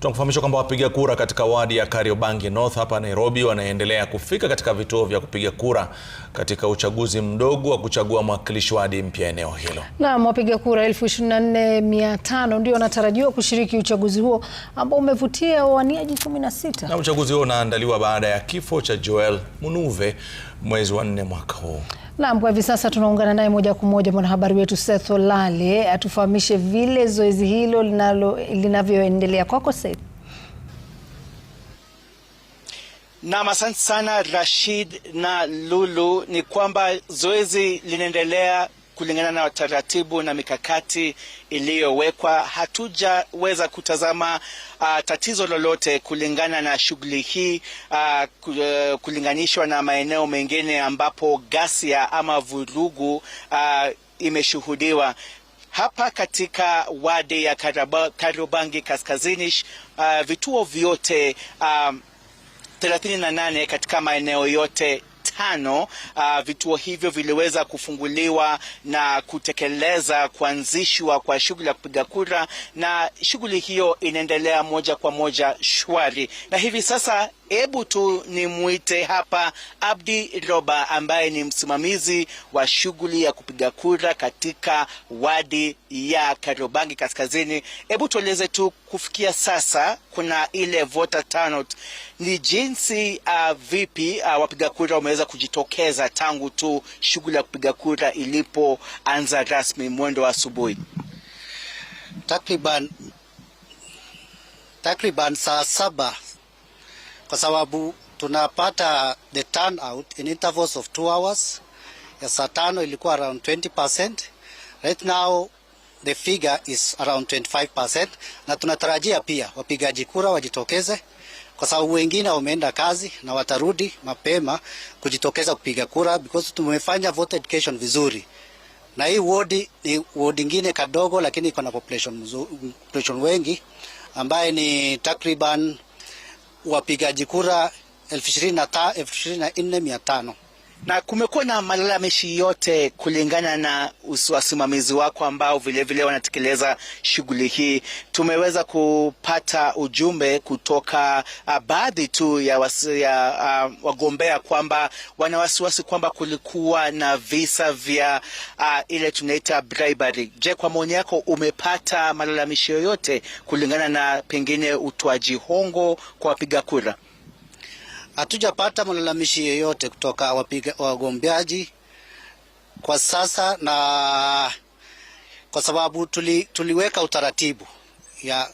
Tunakufahamisha kwamba wapiga kura katika wadi ya Kariobangi North hapa Nairobi wanaendelea kufika katika vituo vya kupiga kura katika uchaguzi mdogo wa kuchagua mwakilishi wadi mpya eneo hilo. Naam, wapiga kura 24,500 ndio wanatarajiwa kushiriki uchaguzi huo ambao umevutia wawaniaji 16. Na uchaguzi huo unaandaliwa baada ya kifo cha Joel Munuve mwezi wa nne mwaka huu. Naam, kwa hivi sasa tunaungana naye moja kwa moja mwanahabari wetu Seth Olale atufahamishe vile zoezi hilo linavyoendelea. Kwako Seth. Naam, asante sana Rashid na Lulu, ni kwamba zoezi linaendelea kulingana na taratibu na mikakati iliyowekwa, hatujaweza kutazama uh, tatizo lolote kulingana na shughuli hii uh, uh kulinganishwa na maeneo mengine ambapo ghasia ama vurugu uh, imeshuhudiwa hapa katika wadi ya Karaba, Kariobangi Kaskazini. Uh, vituo vyote um, 38 katika maeneo yote tano uh, vituo hivyo viliweza kufunguliwa na kutekeleza kuanzishwa kwa shughuli ya kupiga kura, na shughuli hiyo inaendelea moja kwa moja shwari, na hivi sasa hebu tu nimwite hapa Abdi Roba ambaye ni msimamizi wa shughuli ya kupiga kura katika wadi ya Karobangi Kaskazini. Hebu tueleze tu kufikia sasa kuna ile voter turnout, ni jinsi uh, vipi uh, wapiga kura wameweza kujitokeza tangu tu shughuli ya kupiga kura ilipoanza rasmi mwendo wa asubuhi? Takriban takriban saa saba kwa sababu tunapata the turnout in intervals of two hours. Ya saa tano ilikuwa around 20%. Right now the figure is around 25%, na tunatarajia pia wapigaji kura wajitokeze kwa sababu wengine wameenda kazi na watarudi mapema kujitokeza kupiga kura because tumefanya voter education vizuri, na hii wodi ni wodi ingine kadogo, lakini iko na population, population wengi ambaye ni takriban wapigaji kura elfu ishirini na nne mia tano na kumekuwa na malalamishi yote kulingana na wasimamizi wako ambao vilevile wanatekeleza shughuli hii. Tumeweza kupata ujumbe kutoka ah, baadhi tu ya, wasi, ya uh, wagombea kwamba wana wasiwasi kwamba kulikuwa na visa vya uh, ile tunaita bribery. Je, kwa maoni yako umepata malalamishi yoyote kulingana na pengine utoaji hongo kwa wapiga kura? Hatujapata malalamishi yoyote kutoka wapiga wagombeaji kwa sasa, na kwa sababu tuli, tuliweka utaratibu ya,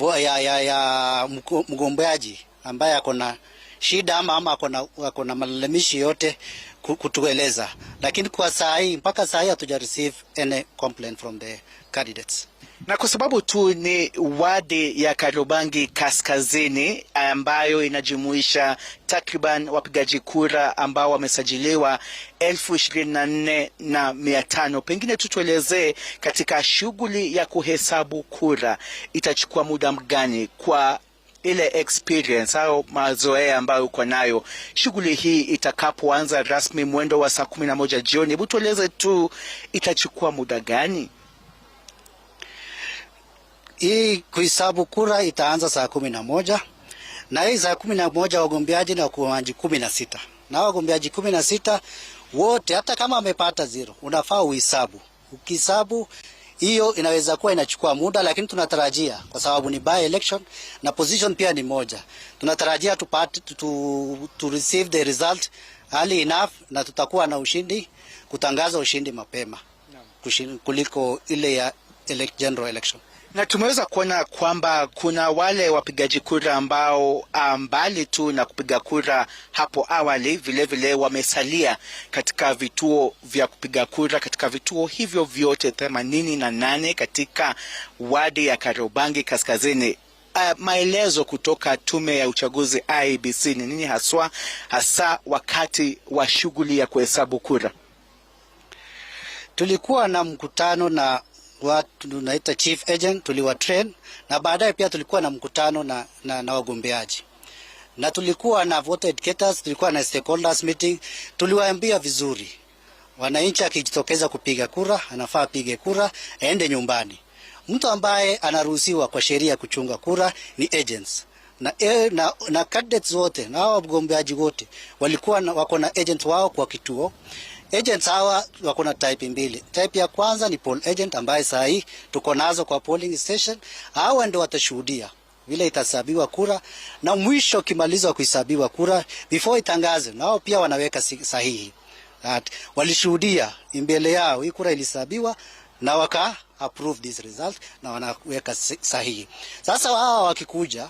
ya, ya, ya mgombeaji ambaye ako na shida ama ama ako na malalamishi yote kutueleza, lakini kwa saa hii mpaka saa hii hatuja receive any complaint from the candidates na kwa sababu tu ni wadi ya Kariobangi Kaskazini ambayo inajumuisha takriban wapigaji kura ambao wamesajiliwa elfu ishirini na nne na mia tano pengine tu tuelezee, katika shughuli ya kuhesabu kura itachukua muda mgani kwa ile experience au mazoea ambayo uko nayo shughuli hii itakapoanza rasmi mwendo wa saa kumi na moja jioni, hebu tueleze tu itachukua muda gani? Hii kuhesabu kura itaanza saa kumi na moja na hii saa kumi na moja wagombeaji na wakumaji kumi na sita na wagombeaji kumi na sita wote, hata kama amepata zero, unafaa uhesabu. Ukihesabu hiyo inaweza kuwa inachukua muda, lakini tunatarajia kwa sababu ni by election na position pia ni moja, tunatarajia to, to, to receive the result early enough, na tutakuwa na ushindi, kutangaza ushindi mapema kuliko ile ya general election na tumeweza kuona kwamba kuna wale wapigaji kura ambao ah, mbali tu na kupiga kura hapo awali, vilevile vile wamesalia katika vituo vya kupiga kura katika vituo hivyo vyote themanini na nane katika wadi ya Kariobangi Kaskazini. Uh, maelezo kutoka tume ya uchaguzi IEBC ni nini haswa hasa wakati wa shughuli ya kuhesabu kura? Tulikuwa na mkutano na watu tunaita chief agent, tuliwa train na baadaye pia tulikuwa na mkutano na, na, na wagombeaji na tulikuwa na voter educators, tulikuwa na stakeholders meeting. Tuliwaambia vizuri wananchi, akijitokeza kupiga kura anafaa apige kura, aende nyumbani. Mtu ambaye anaruhusiwa kwa sheria kuchunga kura ni agents na, e, na, na candidates wote na wagombeaji wote walikuwa wako na agent wao kwa kituo Agents hawa wako na type mbili. Type ya kwanza ni poll agent ambaye saa hii tuko nazo kwa polling station. Hawa ndio watashuhudia vile itasabiwa kura na mwisho kimalizo kuhesabiwa kura before itangaze, nao pia wanaweka sahihi That walishuhudia mbele yao hii kura ilisabiwa na waka approve this result na wanaweka sahihi. Sasa hawa wakikuja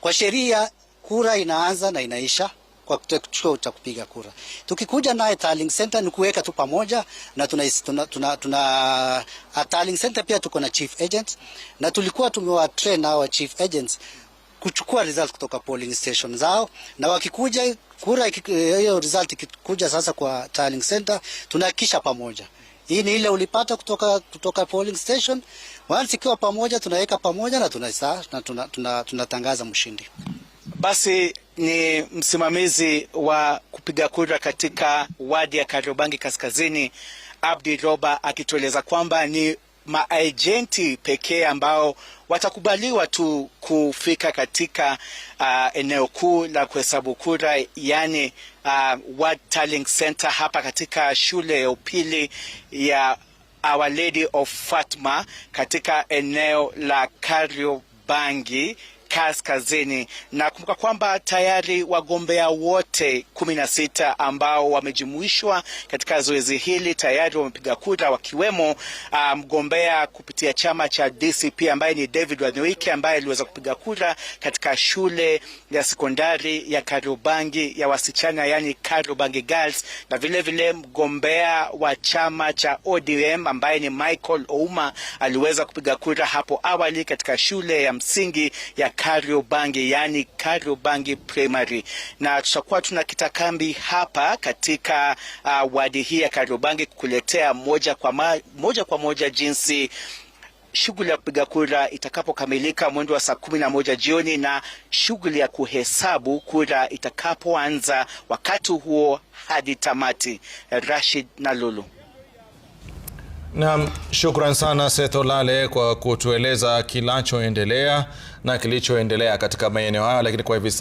kwa sheria, kura inaanza na inaisha kwa kituo cha kupiga kura. Tukikuja naye tallying center ni kuweka tu pamoja na tuna, tuna, tuna, tuna a ah, tallying center pia tuko na chief agents na tulikuwa tumewa train hawa chief agents kuchukua result kutoka polling station zao, na wakikuja kura eh, hiyo result ikikuja sasa kwa tallying center tunahakikisha pamoja hii ni ile ulipata kutoka, kutoka polling station. Once ikiwa pamoja tunaweka pamoja na tunatangaza tuna, tuna, tuna mshindi. Basi ni msimamizi wa kupiga kura katika wadi ya Kariobangi Kaskazini, Abdi Roba akitueleza kwamba ni maajenti pekee ambao watakubaliwa tu kufika katika uh, eneo kuu la kuhesabu kura yani uh, Ward Tallying Center hapa katika shule ya upili ya Our Lady of Fatma katika eneo la Kariobangi Kaskazini. Na kumbuka kwamba tayari wagombea wote kumi na sita ambao wamejumuishwa katika zoezi hili tayari wamepiga kura, wakiwemo ah, mgombea um, kupitia chama cha DCP ambaye ni David Wanyoike ambaye aliweza kupiga kura katika shule ya sekondari ya karobangi ya wasichana, yani karobangi Girls, na mgombea vile mgombea wa chama cha ODM ambaye ni Michael Ouma aliweza kupiga kura hapo awali katika shule ya msingi ya Kariobangi, yani Kariobangi Primary, na tutakuwa tuna kitakambi hapa katika uh, wadi hii ya Kariobangi kukuletea moja kwa, ma, moja kwa moja jinsi shughuli ya kupiga kura itakapokamilika mwendo wa saa kumi na moja jioni na shughuli ya kuhesabu kura itakapoanza wakati huo hadi tamati. Rashid na Lulu. Naam, shukran sana Setho Lale kwa kutueleza kinachoendelea na kilichoendelea katika maeneo hayo, lakini kwa hivi sasa